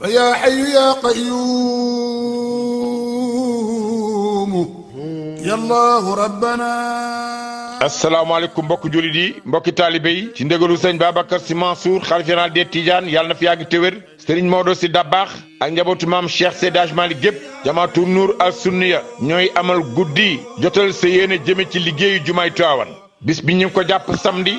fa yaa xayu yaa qayuumu yallaahu rabbanaa asalaamaaleykum mbokk jullit yi mbokki taalibe ci ndégalu sëñ Babacar Sy Mansour xalifa général des Tidianes yàlla na fi yàgg te wér sëriñ Maodo Sy njabootu maam Cheikh Seydi Hadji Malick gépp jamaatu Nuur al Sunniya ñooy amal guddi jotal sa yéene jëme ci liggéeyu jumaay Tiwaawan bis bi ko jàpp samedi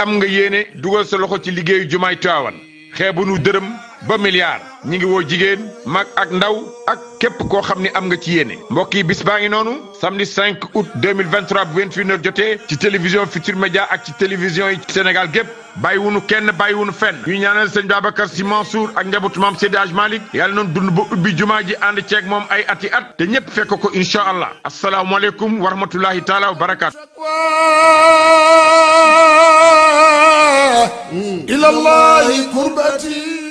am nga yéene dugal sa loxo ci liggéeyu jumaay Tiwaawan xeebunu dërëm ba milliard ñi ngi woo jigéen mag ak ndaw ak képp koo xam ni am nga ci yéene mbokk yi bis baa ngi noonu samedi 5 août 2023 bu 21h jotee ci télévision Futur Média ak ci télévision yi Sénégal gépp bàyyiwunu kenn bàyyiwunu fenn ñu ñaanal sëñ Babacar Sy Mansour ak njabootu maam Seydi Hadj Malick yàlla noonu dund ba ubbi jumaa ji ànd ceeg moom ay ati at te ñépp fekk ko incha allah asalaamualeykum wa rahmatullahi taala wa barakaatu إلى الله قربتي